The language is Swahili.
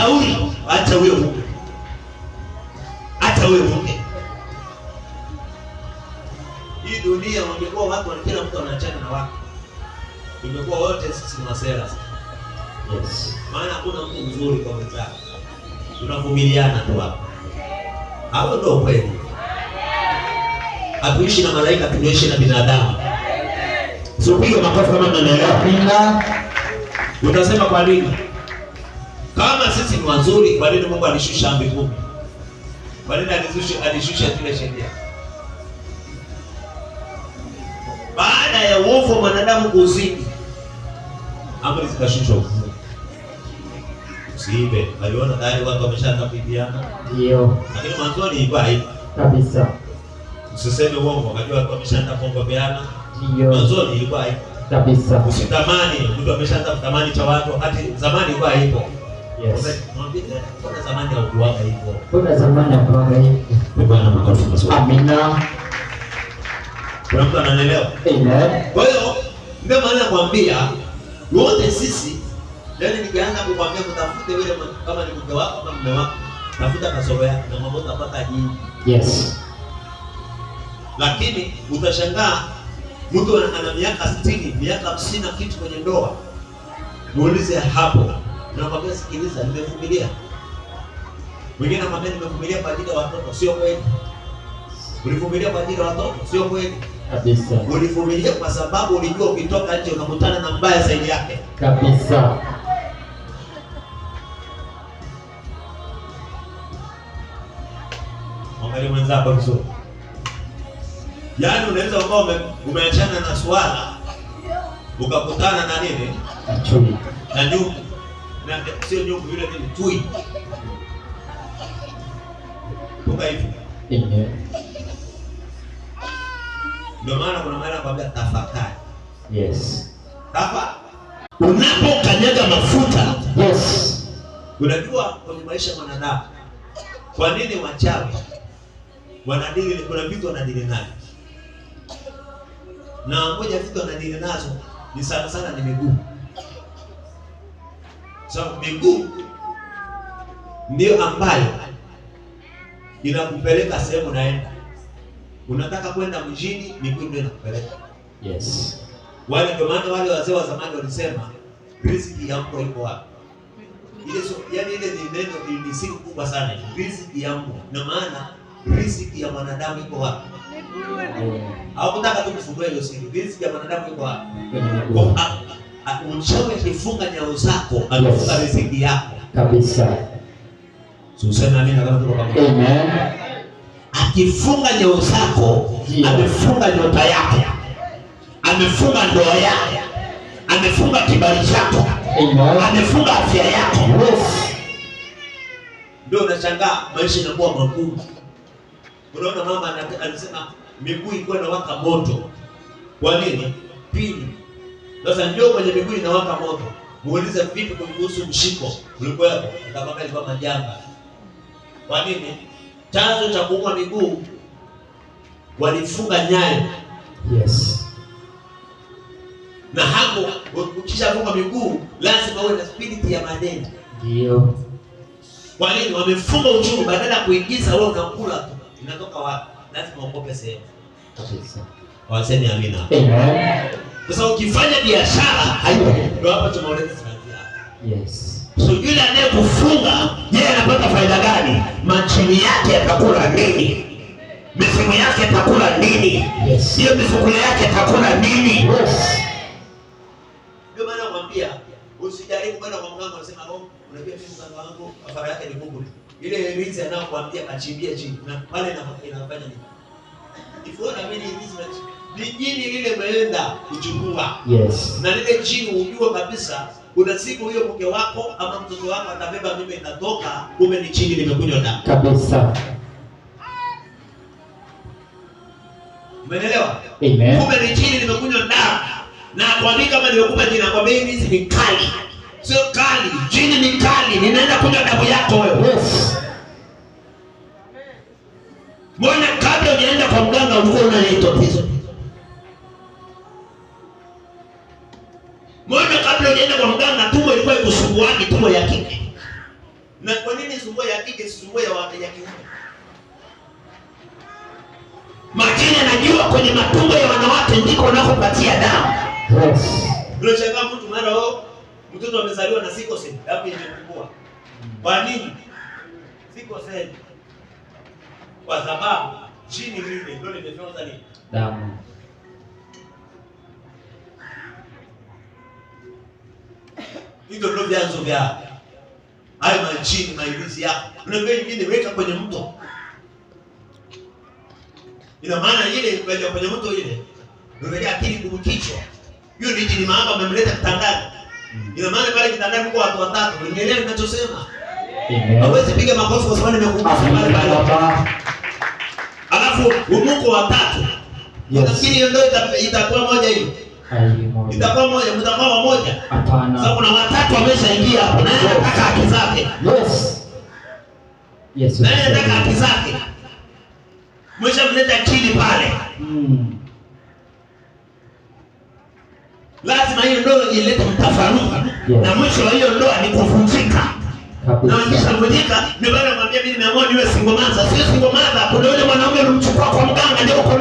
shauri hata wewe upe, hata wewe upe. Hii dunia wangekuwa watu kila mtu anaachana na wake, ingekuwa wote sisi ni masela. Yes, maana hakuna mtu mzuri kwa mwenzake, tunavumiliana tu hapo. Hapo ndio kweli, hatuishi na malaika, tunaishi na binadamu. Sio piga makofi kama mnaelewa. Utasema kwa nini? Kama sisi ni wazuri, kwa nini Mungu alishusha amri kumi? Kwa nini alishusha alishusha kile sheria? Baada ya uovu wa mwanadamu kuzidi, amri zikashushwa. Usiibe. Aliona tayari watu wameshaanza wameshakabiliana. Ndio. Lakini mwanzoni ilikuwa haipo. Kabisa. Usiseme uongo wakati watu wameshaanza kuongopeana. Ndio. Mwanzoni ilikuwa haipo. Kabisa. Usitamani, mtu ameshaanza kutamani cha watu, hata zamani ilikuwa haipo. Mbona zamani haukuwaga Amina. Kuna mtu ananielewa? Kwa hiyo ndio maana nakwambia wote sisi yani, nikaanza kukwambia kutafute yule kama ni mke wako kama mume wako, tafuta kasoro yake na mambo utapata nyingi. Yes. Lakini utashangaa mtu ana miaka 60, miaka 50 na kitu kwenye ndoa. Muulize hapo Unakwambia sikiliza, nimevumilia. Wengine wanakwambia nimevumilia kwa ajili ya watoto, sio kweli. Ulivumilia kwa ajili ya watoto, sio kweli kabisa. Ulivumilia kwa sababu ulijua ukitoka nje unakutana na mbaya zaidi yake kabisa. Mwangalie mwenzako vizuri. Yaani unaweza ukawa umeachana na swala ukakutana na nini? Na nyuki na sio nyuku yule ni mtui. Kumbuka hivyo. Ndio maana kuna maana kwambia tafakari. Yes. Hapa unapokanyaga mafuta. Yes. Unajua kwenye maisha mwanadamu, kwa nini wachawi wanadili? Kuna vitu wanadili navyo, na moja vitu wanadili nazo ni sana sana ni miguu sababu miguu ndio ambayo inakupeleka sehemu naenda. Unataka kwenda mjini, miguu ndio inakupeleka. Yes. Wale ndio maana wale wazee wa zamani walisema riziki ya mbwa iko wapi? Ile so, yani ile ni neno ni siku kubwa sana. Riziki ya mbwa. Na maana riziki ya mwanadamu iko wapi? Hawakutaka tu kufungua hiyo siri. Riziki ya mwanadamu iko wapi? Mchawi akifunga nyao zako amefunga riziki yako kabisa. Useme amina kama tuko pamoja. Amen. Akifunga nyao zako amefunga nyota yako, amefunga ndoa yako, amefunga kibali chako, amefunga afya yako. Ndio unashangaa maisha yanakuwa magumu. Unaona mama anasema miguu ilikuwa inawaka moto. Kwa nini? Pini. Sasa njoo kwenye miguu inawaka moto, muulize vipi kuhusu mshiko ulikuwepo, akamwambia ilikuwa majanga. Kwa nini? Chanzo cha kuumwa miguu walifunga nyayo. Yes. Na hapo ukishafunga miguu lazima uwe na spirit ya madeni Ndio. Kwa nini wamefunga uchumi badala ya kuingiza wewe unakula tu. Inatoka wapi? Lazima uokope sehemu. Kabisa. Waseme amina. Amen. Sasa ukifanya biashara hayo ndio hapa tunaona faida. Yes. So yule anayekufunga yeye anapata faida gani? Machini yake atakula nini? Mifumo yake atakula nini? Yes. Hiyo mifuko yake atakula nini? Yes. Ndio maana nakwambia usijaribu kwenda kwa mganga unasema oh, unajua mimi mganga wangu afara yake ni Mungu. Ile himizi anayokuambia achimbie chini na pale inafanya nini? Ifuona mimi himizi na ni jini lile umeenda kuchukua. Yes. Na lile jini ujue kabisa kuna siku hiyo mke wako ama mtoto wako atabeba mimi natoka kumbe ni jini limekunywa damu. Kabisa. Umeelewa? Amen. Kumbe ni jini limekunywa damu. Na kwa nini kama nimekupa jina kwa mimi hizi ni kali. Sio kali, jini ni kali, ninaenda kunywa damu yako wewe. Yes. Mbona kabla ujaenda kwa mganga ulikuwa unaleta tatizo? ukienda kwa mganga, tumbo ilikuwa ikusumbua ni tumbo ya kike. Na kwa nini sumbua ya kike sumbua ya watu ya kiume? Majini anajua kwenye matumbo ya wanawake ndiko wanakopatia damu. Yes. Ndio changa mtu mara oh, mtoto amezaliwa na siko seli, damu imepungua. Kwa nini? Siko seli. Kwa sababu jini lile ndio nimefyonza nini? Damu. Hivyo ndio vyanzo vya hayo majini, maibuzi yako. Unaambia nyingine weka kwenye mto, ina maana ile kwenye kwenye mto ile unajaa akili kumkichwa. Hiyo ni jini maamba amemleta kitandani, ina maana pale kitandani kwa watu watatu. Unielewa ninachosema? Hawezi piga makofi kwa sababu nimekukufa pale pale. Alafu umuko watatu. Yes. Nafikiri ndio itakuwa moja hiyo mtakuwa wamoja. Sasa kuna watatu wameshaingia hapo, naye anataka haki zake, naye anataka haki zake, mweshamleta chini pale. Hmm. Lazima hiyo ndoa ilete mtafaruka, na mwisho wa hiyo ndoa ni kuvunjika na wakisha vunjika ndio bado mwambia, mimi nimeamua niwe single mother. Sio single mother, kuna yule mwanaume ulimchukua kwa mganga ndio uko